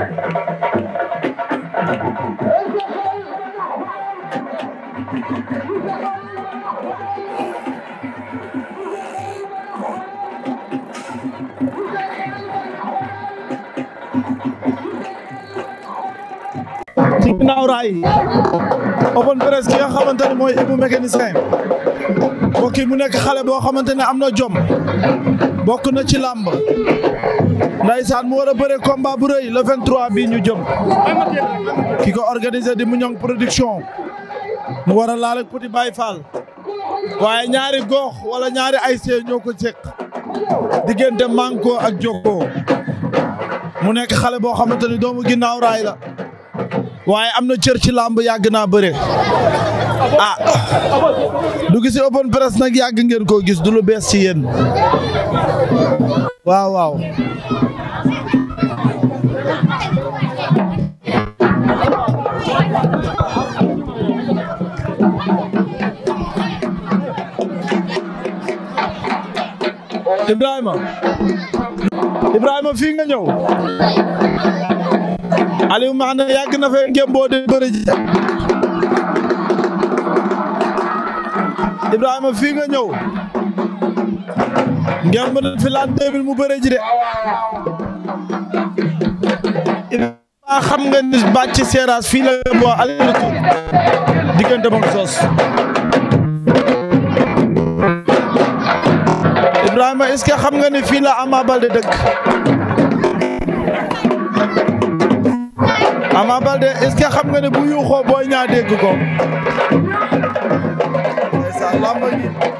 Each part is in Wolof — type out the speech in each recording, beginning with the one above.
ci ginnaaw raay open press ki nga mooy Ibou mécanicien mbokk yi mu nekk xale boo xamante ne am na jom bokk na ci lamb ndaysaan mu war a bëre combat bu rëy le 23 bii ñu jëm ki ko organisé di Mignone production mu war a laal ak Petit Baye waaye ñaari goox wala ñaari ay see ñoo ko seq diggante Manko ak Jokko mu nekk xale boo xamante ni doomu ginnaaw raay la waaye am na cër ci làmb yàgg naa bëre ah du gisi open press nag yàgg ngeen koo gis du lu bees ci yéen waaw waaw Ibrahima Ibrahima fii nga ñëw Aliou Mané yàgg na fee ngeen boo de bëri ji Ibrahima fii nga ñëw ngeen mën fi laan 2000 mu bëre ji de Ibrahima xam nga ni bàcc seeraas fii la boo aller diggante moom soos Ibrahima est-ce que xam nga ni fii la Ama Baldé dëkk Ama Baldé est-ce xam nga ne bu booy ñaa ko ndax làmb gi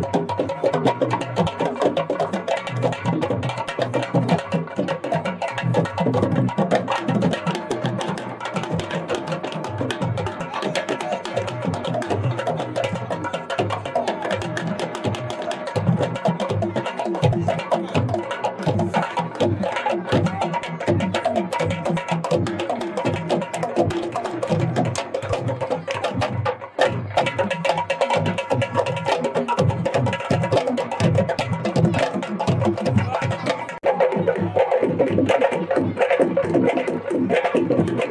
Thank you.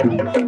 thank you